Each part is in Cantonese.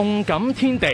動感天地，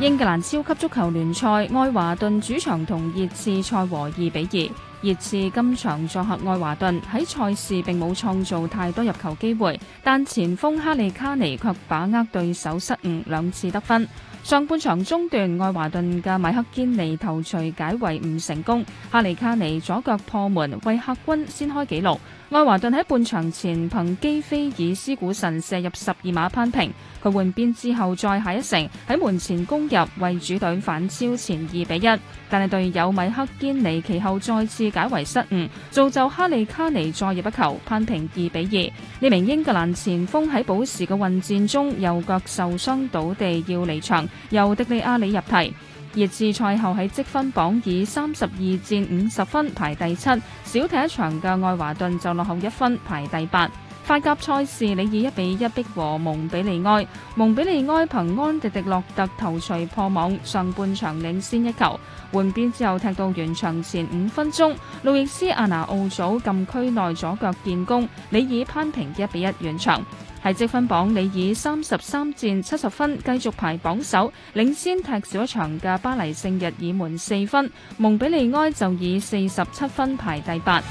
英格蘭超級足球聯賽，愛華頓主場同熱刺賽和二比二。熱刺今場作客愛華頓，喺賽事並冇創造太多入球機會，但前鋒哈利卡尼卻把握對手失誤，兩次得分。上半場中段，愛華頓嘅米克堅尼頭槌解圍唔成功，哈利卡尼左腳破門為客軍先開紀錄。愛華頓喺半場前憑基菲爾施古臣射入十二碼扳平，佢換邊之後再下一城，喺門前攻入為主隊反超前二比一，但係隊友米克堅尼其後再次。解為失誤，造就哈利卡尼再入一球，攀平二比二。呢名英格蘭前鋒喺補時嘅混戰中右腳受傷倒地要離場，由迪利阿里入替。熱刺賽後喺積分榜以三十二戰五十分排第七，少踢一場嘅愛華頓就落後一分排第八。法甲賽事，李爾一比一逼和蒙比利埃。蒙比利埃憑安迪迪洛特頭槌破網，上半場領先一球。換邊之後踢到完場前五分鐘，路易斯阿拿奧祖禁區內左腳建功，李爾攀平一比一完場。喺積分榜，李爾三十三戰七十分，繼續排榜首，領先踢少一場嘅巴黎聖日耳門四分。蒙比利埃就以四十七分排第八。